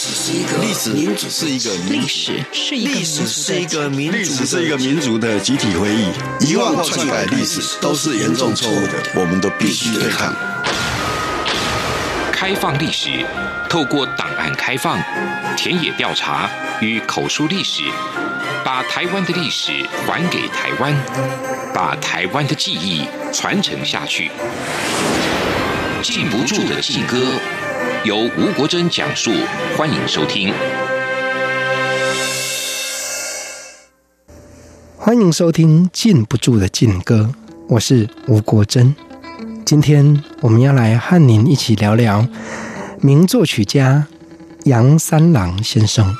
歷史是一個歷史是一個歷史，史是一個民族的是一個民族的集體回憶，遺忘、篡改歷史都是嚴重錯誤的，我們都必須對抗。開放歷史，透過檔案開放、田野調查與口述歷史，把台灣的歷史還給台灣，把台灣的記憶傳承下去。禁不住的禁歌，由吳國珍講述。歡迎收聽，歡迎收聽《禁不住的禁歌》，我是吳國珍。今天我們要來和您一起聊聊名作曲家楊三郎先生。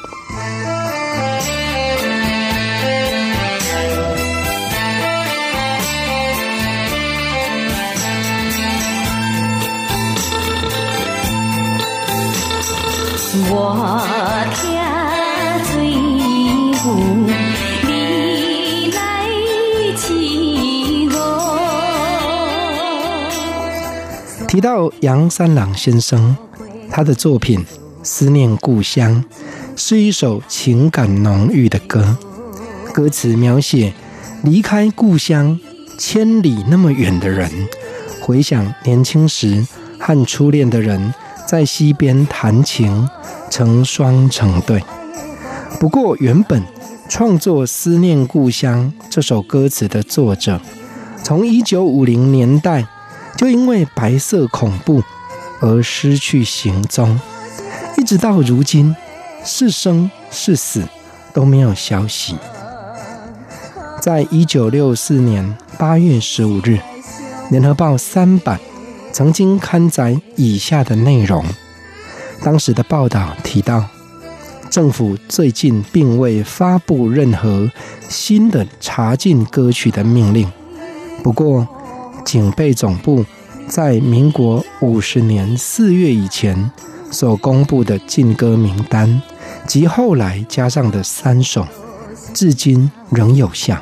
我你來提到楊三郎先生，他的作品《思念故鄉》是一首情感濃郁的歌，歌詞描寫離開故鄉千里那麼遠的人，回想年輕時和初戀的人在溪邊談情。成雙成對。不過，原本創作《思念故鄉》這首歌詞的作者，從一九五零年代就因為白色恐怖而失去行蹤，一直到如今，是生是死都沒有消息。在一九六四年八月十五日，《聯合報》三版曾經刊載以下的內容。當時的報道提到，政府最近並未發布任何新的查禁歌曲的命令。不過，警備總部在民國五十年四月以前所公布的禁歌名單及後來加上的三首，至今仍有效。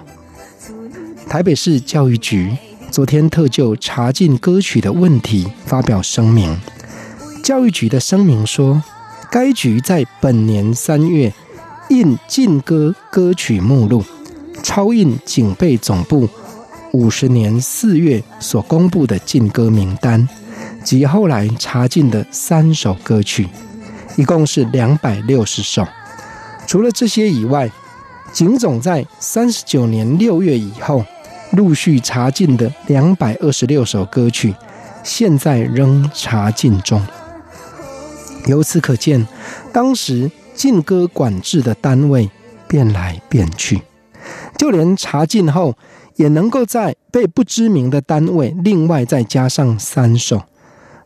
臺北市教育局昨天特就查禁歌曲的問題發表聲明。教育局的聲明說，該局在本年三月印禁歌歌曲目錄，超印警備總部五十年四月所公布的禁歌名單及後來查禁的三首歌曲，一共是兩百六十首。除了這些以外，警總在三十九年六月以後陸續查禁的兩百二十六首歌曲，現在仍查禁中。由此可見，當時禁歌管制的單位變來變去，就連查禁後也能夠在被不知名的單位另外再加上三首，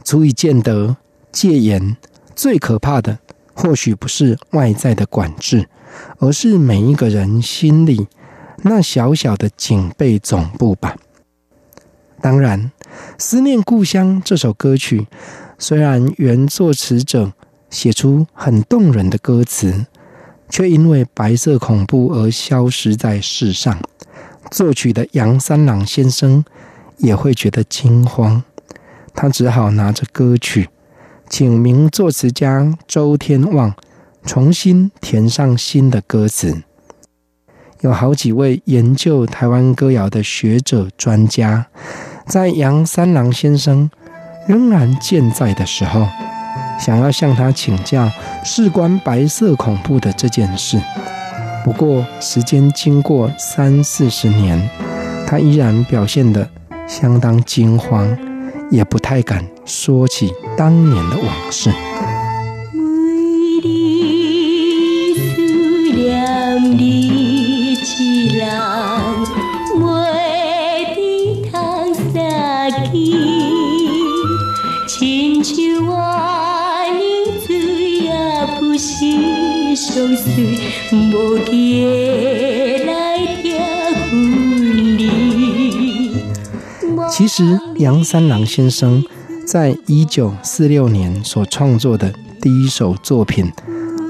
足以見得戒嚴最可怕的，或許不是外在的管制，而是每一個人心裡那小小的警備總部吧。當然，思念故鄉這首歌曲。雖然原作詞者寫出很動人的歌詞，卻因為白色恐怖而消失在世上。作曲的楊三郎先生也會覺得驚慌，他只好拿着歌曲，請名作詞家周天旺重新填上新的歌詞。有好幾位研究台灣歌謠的學者專家，在楊三郎先生，仍然健在的時候，想要向他請教事關白色恐怖的這件事。不過，時間經過三四十年，他依然表現得相當驚慌，也不太敢說起當年的往事。其實，楊三郎先生在一九四六年所創作的第一首作品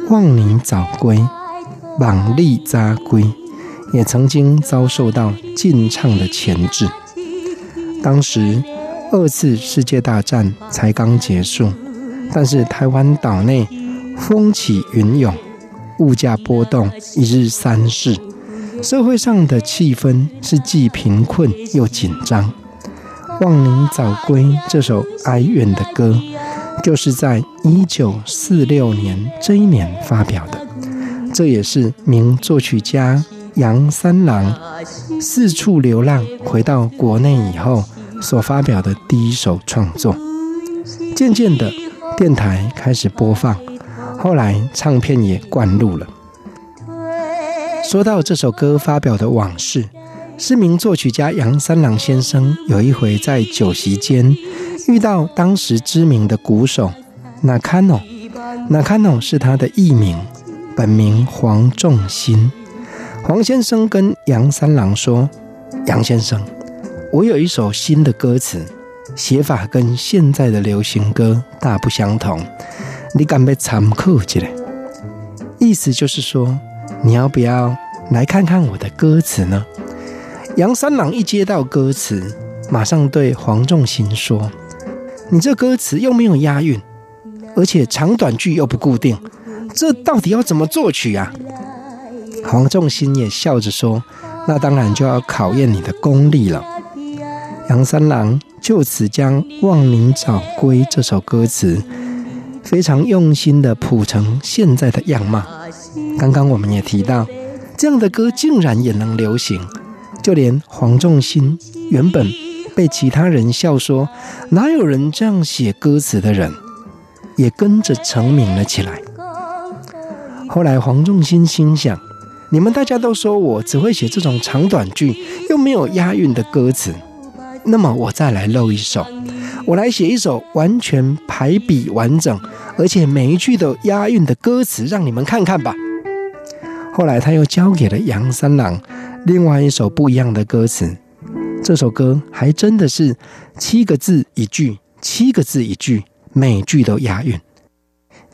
《望你早歸》，《莽麗扎歸》也曾經遭受到禁唱的鉗制。當時，二次世界大戰才剛結束，但是台灣島內風起雲湧。物價波動一日三市，社會上的氣氛是既貧困又緊張。望你早歸，這首哀怨的歌，就是在一九四六年這一年發表的。這也是名作曲家楊三郎四處流浪回到國內以後所發表的第一首創作。漸漸的，電台開始播放。後來唱片也灌錄了。說到這首歌發表的往事，知名作曲家楊三郎先生有一回在酒席間遇到當時知名的鼓手 Nakano。Nakano 是他的藝名，本名黃仲新。黃先生跟楊三郎說：“楊先生，我有一首新的歌詞，寫法跟現在的流行歌大不相同。”你敢欲參考一下？意思就是說，你要不要來看看我的歌詞呢？楊三郎一接到歌詞，馬上對黃仲鑫說：“你這歌詞又沒有押韻，而且長短句又不固定，這到底要怎麼作曲啊？”黃仲鑫也笑着說：“那當然就要考驗你的功力了。”楊三郎就此將《望你早歸》這首歌詞。非常用心地譜成現在的樣貌。剛剛我們也提到，這樣的歌竟然也能流行，就連黃仲辛原本被其他人笑說哪有人這樣寫歌詞的人，也跟着成名了起來。後來黃仲辛心想：你們大家都說我只會寫這種長短句又沒有押韻的歌詞，那麼我再來露一手，我來寫一首完全排比完整。而且每一句都押韻的歌詞，讓你們看看吧。後來他又交給了楊三郎另外一首不一樣的歌詞，這首歌還真的是七個字一句，七個字一句，每一句都押韻。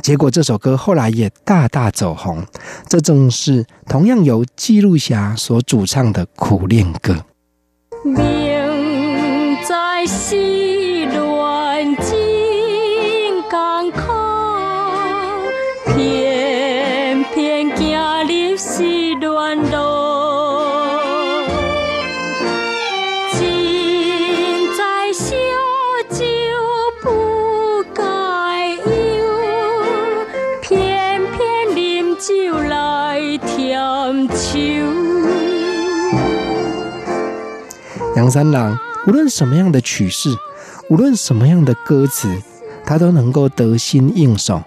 結果這首歌後來也大大走紅，這正是同樣由紀露霞所主唱的《苦戀歌》。情在心。三郎無論什麼樣的曲式，無論什麼樣的歌詞，他都能夠得心應手，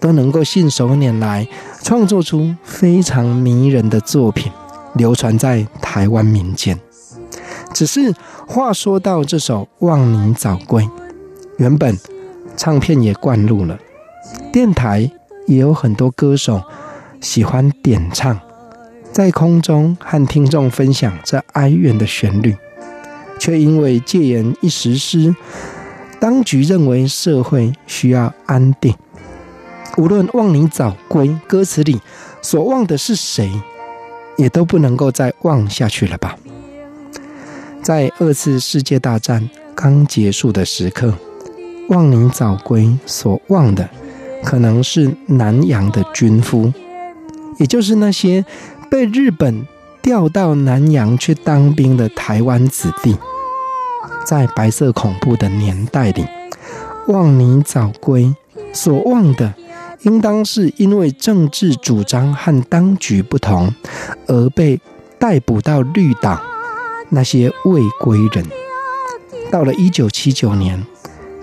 都能夠信手拈來，創作出非常迷人的作品，流傳在台灣民間。只是話說到這首《望你早歸》，原本唱片也灌錄了，電台也有很多歌手喜歡點唱，在空中和聽眾分享這哀怨的旋律。卻因為戒嚴一實施，當局認為社會需要安定。無論望你早歸歌詞裡所望的是誰，也都不能夠再望下去了吧？在二次世界大戰剛結束的時刻，望你早歸所望的，可能是南洋的軍夫，也就是那些被日本調到南洋去當兵的台灣子弟。在白色恐怖的年代裡，《望你早歸》所望的，應當是因為政治主張和當局不同而被逮捕到綠島那些未歸人。到了一九七九年，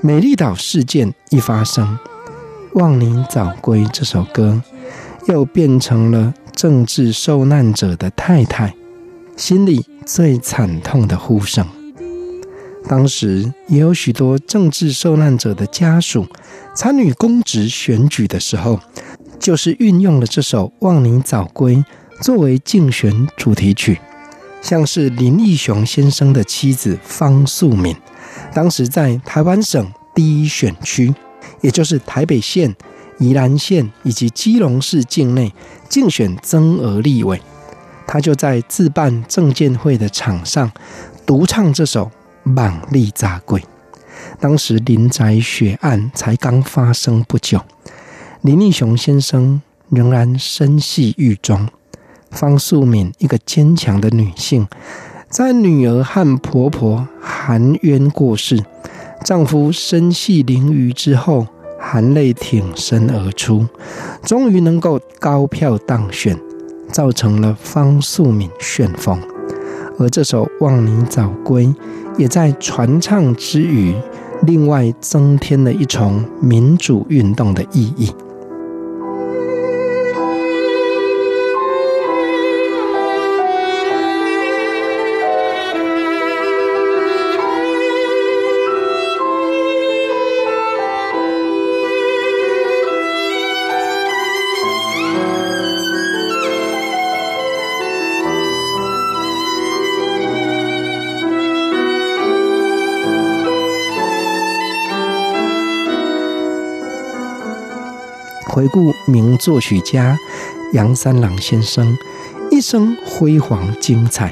美麗島事件一發生，《望你早歸》這首歌又變成了政治受難者的太太心裡最慘痛的呼聲。當時也有許多政治受難者的家屬參與公職選舉的時候，就是運用了這首《望你早歸》作為競選主題曲。像是林義雄先生的妻子方素敏，當時在台灣省第一選區，也就是台北縣、宜蘭縣以及基隆市境內競選增額立委，他就在自辦政見會的場上獨唱這首。《望你早歸》，當時林宅血案才剛發生不久，林義雄先生仍然身繫獄中。方素敏，一個堅強的女性，在女兒和婆婆含冤過世，丈夫身繫囹圄之後，含淚挺身而出，終於能夠高票當選，造成了方素敏旋風。而這首《望你早歸》。也在傳唱之餘，另外增添了一重民主運動的意義。回顧名作曲家楊三郎先生一生輝煌精彩。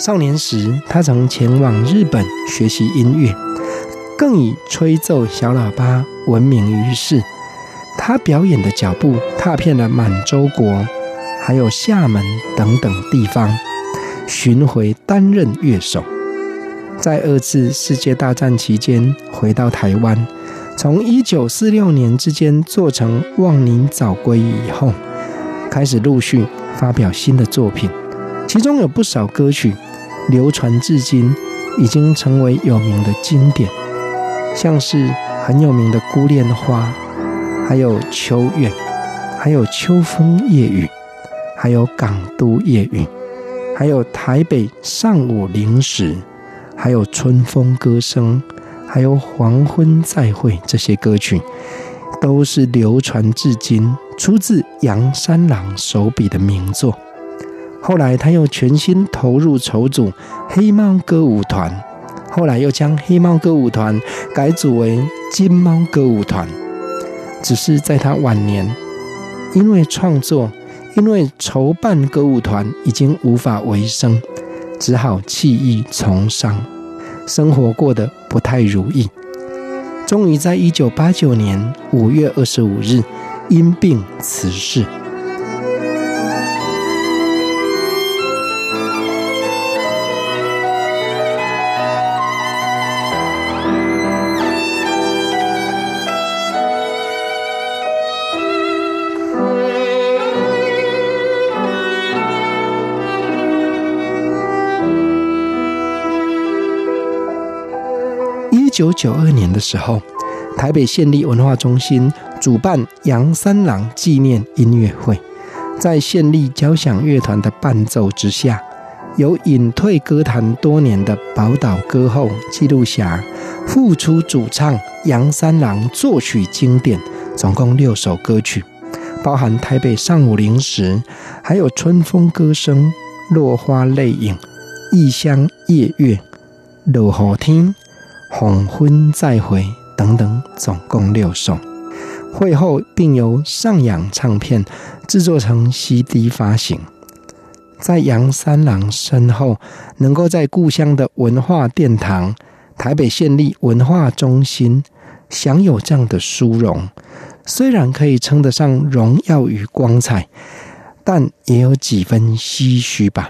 少年時，他曾前往日本學習音樂，更以吹奏小喇叭聞名於世。他表演的腳步踏遍了滿洲國，還有廈門等等地方，巡回擔任樂手。在二次世界大戰期間，回到台灣。從一九四六年之間做成《望你早歸》以後，開始陸續發表新的作品，其中有不少歌曲流傳至今，已經成為有名的經典，像是很有名的《孤戀花》，還有《秋怨》，還有《秋風夜雨》，還有《港都夜雨》，還有《台北上午零時》，還有《春風歌聲》。還有《黃昏再會》這些歌曲，都是流傳至今出自楊三郎手筆的名作。後來，他又全心投入籌組黑貓歌舞團，後來又將黑貓歌舞團改組為金貓歌舞團。只是在他晚年，因為創作，因為籌辦歌舞團已經無法維生，只好棄藝從商。生活過得不太如意，終於在1989年5月25日因病辭世。一九九二年的時候，台北縣立文化中心主辦楊三郎紀念音樂會，在縣立交響樂團的伴奏之下，由隱退歌壇多年的寶島歌后紀露霞復出主唱楊三郎作曲經典，總共六首歌曲，包含台北上午零時，還有春風歌聲、落花淚影、異鄉夜月、落雨天。黃昏再會等等，總共六首。會後並由上揚唱片製作成 CD 發行。在楊三郎身後，能夠在故鄉的文化殿堂——台北縣立文化中心享有這樣的殊榮，雖然可以稱得上榮耀與光彩，但也有幾分唏噓吧。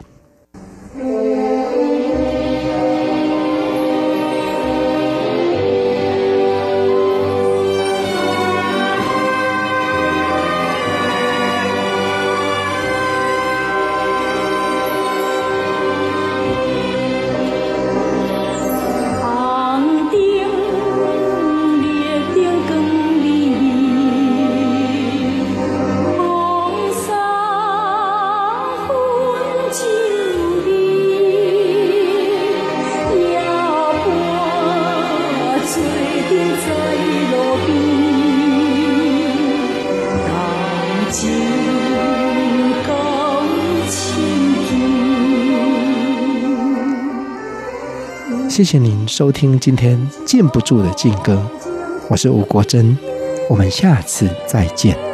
謝謝您收聽今天禁不住的禁歌，我是吳國珍，我們下次再見。